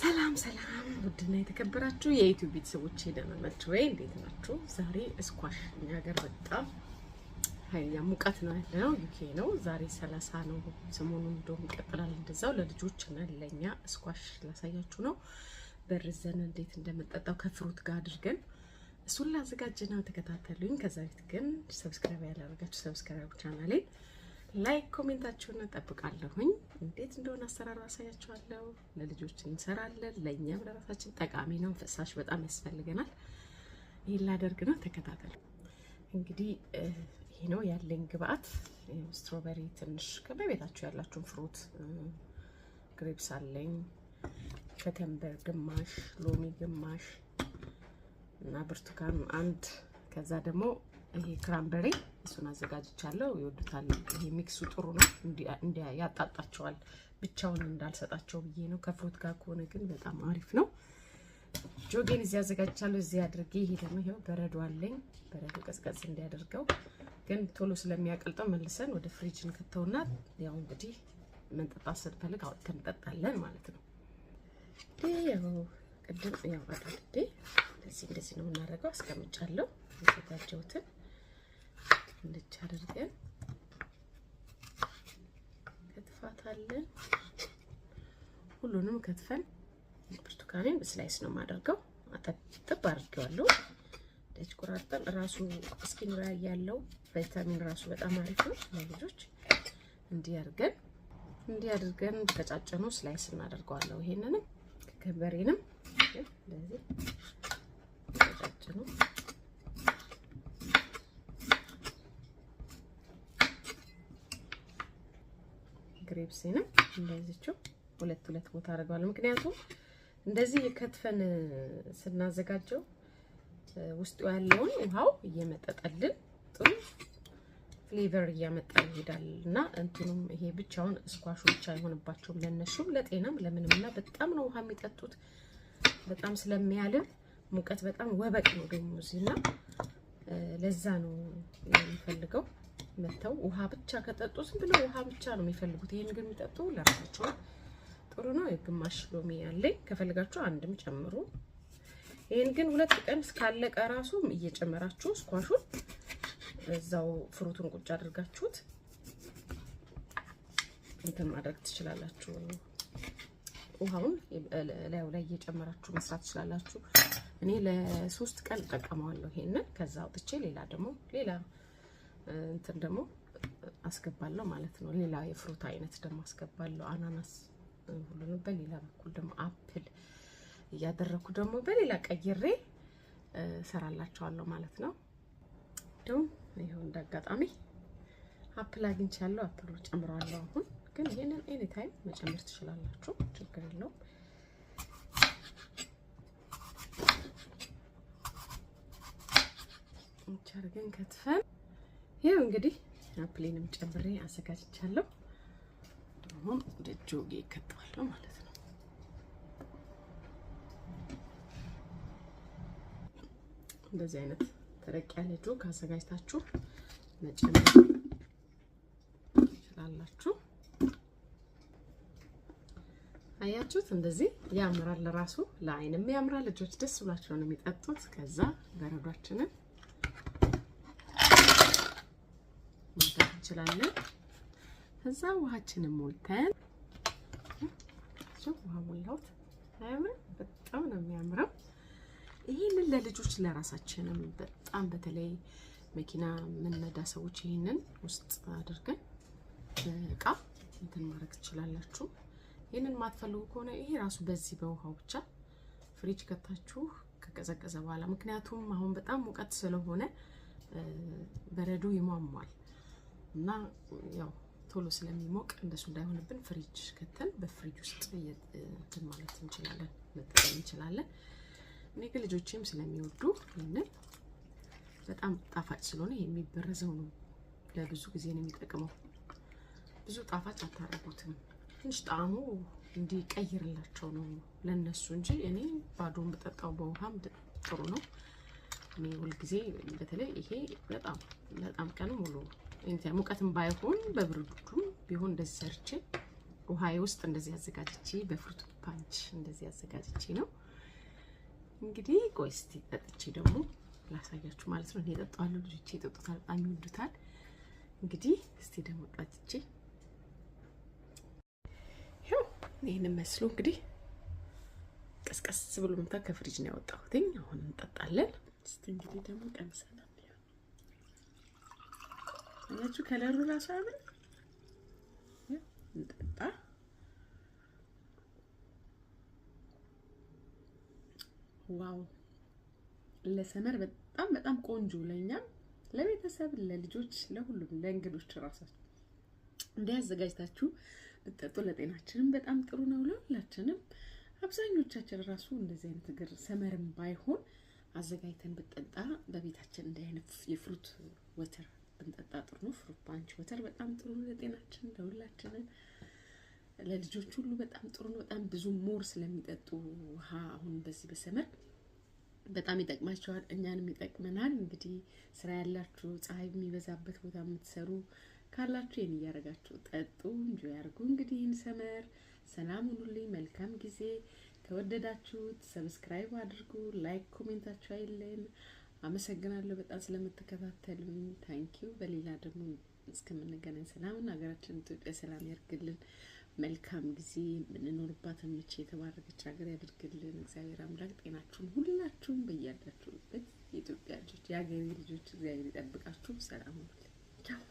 ሰላም ሰላም ውድና የተከበራችሁ የዩቲዩብ ቤተሰቦች ደህና ናችሁ ወይ? እንዴት ናችሁ? ዛሬ እስኳሽ እኛ ሀገር በጣም ኃይለኛ ሙቀት ነው ያለ ነው። ዩኬ ነው ዛሬ ሰላሳ ነው። ሰሞኑን እንደውም ይቀጥላል እንደዛው። ለልጆች እና ለእኛ እስኳሽ ላሳያችሁ ነው። በርዘን እንዴት እንደምንጠጣው ከፍሩት ጋር አድርገን እሱን ላዘጋጅ ነው። ተከታተሉኝ። ከዛ በፊት ግን ሰብስክራይብ ያላረጋችሁ ሰብስክራይብ ቻናሌን ላይክ ኮሜንታችሁን እጠብቃለሁኝ። እንዴት እንደሆነ አሰራር አሳያችኋለሁ። ለልጆች እንሰራለን፣ ለእኛም ለራሳችን ጠቃሚ ነው። ፈሳሽ በጣም ያስፈልገናል። ይህን ላደርግ ነው። ተከታተሉ። እንግዲህ ይህ ነው ያለኝ ግብአት። ስትሮበሪ ትንሽ ከበቤታችሁ ያላችሁን ፍሩት፣ ግሬፕስ አለኝ፣ ከተምበር ግማሽ፣ ሎሚ ግማሽ እና ብርቱካን አንድ፣ ከዛ ደግሞ ይሄ ክራምበሬ እሱን አዘጋጅቻለሁ። ይወዱታል። ይሄ ሚክሱ ጥሩ ነው፣ ያጣጣቸዋል። ብቻውን እንዳልሰጣቸው ብዬ ነው። ከፍሩት ጋር ከሆነ ግን በጣም አሪፍ ነው። ጆጌን እዚህ አዘጋጅቻለሁ። እዚህ አድርጌ ይሄ ደግሞ ይኸው በረዶ አለኝ። በረዶ ቀዝቀዝ እንዲያደርገው ግን ቶሎ ስለሚያቀልጠው መልሰን ወደ ፍሪጅ እንከተውና ያው እንግዲህ መንጠጣት ስንፈልግ አውጥተን እንጠጣለን ማለት ነው። ያው ቅድም ያው አድርጌ እንደዚህ እንደዚህ ነው የምናደርገው። አስቀምጫለሁ የተዘጋጀሁትን ልች አድርገን ከትፋታለን። ሁሉንም ከትፈን ብርቱካኔን በስላይስ ነው የማደርገው። አጠጥብ አድርጌዋለሁ። ደጅ ቆራርጠን ራሱ እስኪን ላይ ያለው ቫይታሚን ራሱ በጣም አሪፍ ነው ለልጆች። እንዲህ አድርገን እንዲህ አድርገን በቀጫጨኑ ስላይስ እናደርገዋለሁ። ይሄንንም ከበሬንም እንደዚህ ልብሴንም እንደዚችው ሁለት ሁለት ቦታ አድርገዋለሁ። ምክንያቱም እንደዚህ የከትፈን ስናዘጋጀው ውስጡ ያለውን ውሃው እየመጠጠልን ጥሩ ፍሌቨር እያመጣ ይሄዳል እና እንትኑም ይሄ ብቻውን እስኳሹ ብቻ አይሆንባቸውም። ለነሱም ለጤናም ለምንም እና በጣም ነው ውሃ የሚጠጡት በጣም ስለሚያልም ሙቀት በጣም ወበቅ ነው ደግሞ እዚህ እና ለዛ ነው የሚፈልገው መተው ውሃ ብቻ ከጠጡ ዝም ብለው ውሃ ብቻ ነው የሚፈልጉት። ይሄን ግን የሚጠጡ ለራሳቸው ጥሩ ነው። የግማሽ ሎሚ ያለኝ ከፈልጋችሁ አንድም ጨምሩ። ይሄን ግን ሁለት ቀን እስካለቀ ራሱ እየጨመራችሁ ስኳሹን እዛው ፍሩቱን ቁጭ አድርጋችሁት እንትን ማድረግ ትችላላችሁ። ውሃውን ላዩ ላይ እየጨመራችሁ መስራት ትችላላችሁ። እኔ ለሶስት ቀን እጠቀመዋለሁ። ይሄንን ከዛ አውጥቼ ሌላ ደግሞ ሌላ እንትን ደግሞ አስገባለሁ ማለት ነው። ሌላ የፍሩት አይነት ደግሞ አስገባለሁ። አናናስ ሁሉንም በሌላ በኩል ደግሞ አፕል እያደረኩ ደግሞ በሌላ ቀይሬ ሰራላቸዋለሁ ማለት ነው። እንደውም ይኸው አጋጣሚ አፕል አግኝቼ ያለው አፕሉ ጨምረዋለሁ። አሁን ግን ይህንን ኤኒ ታይም መጨመር ትችላላችሁ፣ ችግር የለውም። ቸር ከትፈን እንግዲህ አፕሌንም ጨምሬ አዘጋጅቻለሁ። አሁን ወደ ጆጌ ይከተዋለሁ ማለት ነው። እንደዚህ አይነት ተረቅ ያለ ጆ አዘጋጅታችሁ መጨመር ትችላላችሁ። አያችሁት? እንደዚህ ያምራል። ራሱ ለአይንም ያምራል። ልጆች ደስ ብሏቸው ነው የሚጠጡት። ከዛ በረዷችንን እንችላለን። ከዛ ውሃችንን ሞልተን ውሃ ሞላሁት። በጣም ነው የሚያምረው። ይህንን ለልጆች ለራሳችንም በጣም በተለይ መኪና የምንነዳ ሰዎች ይህንን ውስጥ አድርገን እቃ እንትን ማድረግ ትችላላችሁ። ይህንን ማትፈልጉ ከሆነ ይሄ ራሱ በዚህ በውሃው ብቻ ፍሪጅ ከታችሁ ከቀዘቀዘ በኋላ ምክንያቱም አሁን በጣም ሙቀት ስለሆነ በረዶ ይሟሟል። እና ያው ቶሎ ስለሚሞቅ እንደሱ እንዳይሆንብን ፍሪጅ ከተን በፍሪጅ ውስጥ እንትን ማለት እንችላለን፣ መጠቀም እንችላለን። እኔ ግን ልጆቼም ስለሚወዱ ይህንን በጣም ጣፋጭ ስለሆነ የሚበረዘው ነው ለብዙ ጊዜ ነው የሚጠቅመው። ብዙ ጣፋጭ አታረጉትም። ትንሽ ጣዕሙ እንዲቀይርላቸው ነው ለነሱ እንጂ እኔ ባዶን ብጠጣው በውሃም ጥሩ ነው። እኔ ሁልጊዜ በተለይ ይሄ በጣም በጣም ቀኑ ሙሉ ነው ሙቀትም ባይሆን በብርዱም ቢሆን እንደዚህ ሰርቼ ውሃዬ ውስጥ እንደዚህ አዘጋጅቼ በፍሩት ፓንች እንደዚህ አዘጋጅቼ ነው እንግዲህ። ቆይ እስቲ ጠጥቼ ደግሞ ላሳያችሁ ማለት ነው። እኔ እጠጣዋለሁ፣ ልጆቼ ይጠጡታል፣ በጣም ይወዱታል። እንግዲህ እስቲ ደግሞ ጠጥቼ ይኸው ይህን መስሎ እንግዲህ ቀስቀስ ብሎ ምታ ከፍሪጅ ነው ያወጣሁትኝ። አሁን እንጠጣለን። እስቲ እንግዲህ ደግሞ ቀምሰናል አያችሁ ከለሩ ራሱ አይደል? እንጠጣ። ዋው ለሰመር በጣም በጣም ቆንጆ ለእኛም፣ ለቤተሰብ፣ ለልጆች፣ ለሁሉም ለእንግዶች ራሳችሁ እንዲያዘጋጅታችሁ ብትጠጡ ለጤናችንም በጣም ጥሩ ነው። ለሁላችንም አብዛኞቻችን ራሱ እንደዚህ አይነት ነገር ሰመርም ባይሆን አዘጋጅተን ብጠጣ በቤታችን እንዲህ አይነት የፍሩት ወተር ብንጠጣ ጥሩ ነው። ፍሩት ፓንች ወተር በጣም ጥሩ ነው ለጤናችን፣ ለሁላችንም፣ ለልጆች ሁሉ በጣም ጥሩ ነው። በጣም ብዙ ሞር ስለሚጠጡ ውሃ አሁን በዚህ በሰመር በጣም ይጠቅማቸዋል፣ እኛንም ይጠቅመናል። እንግዲህ ስራ ያላችሁ ፀሐይ የሚበዛበት ቦታ የምትሰሩ ካላችሁ ይህን እያደረጋችሁ ጠጡ፣ እንጆ ያርጉ። እንግዲህ ይህን ሰመር ሰላም ሁኑልኝ። መልካም ጊዜ። ከወደዳችሁት ሰብስክራይብ አድርጉ፣ ላይክ ኮሜንታችሁ አይለን አመሰግናለሁ በጣም ስለምትከታተሉኝ ታንኪዩ። በሌላ ደግሞ እስከምንገናኝ ሰላምን ሀገራችን ኢትዮጵያ ሰላም ያርግልን። መልካም ጊዜ የምንኖርባት ምች የተባረከች ሀገር ያድርግልን እግዚአብሔር አምላክ። ጤናችሁን ሁላችሁም በያላችሁበት የኢትዮጵያ ልጆች የሀገሬ ልጆች እግዚአብሔር ይጠብቃችሁ። ሰላም ቻው።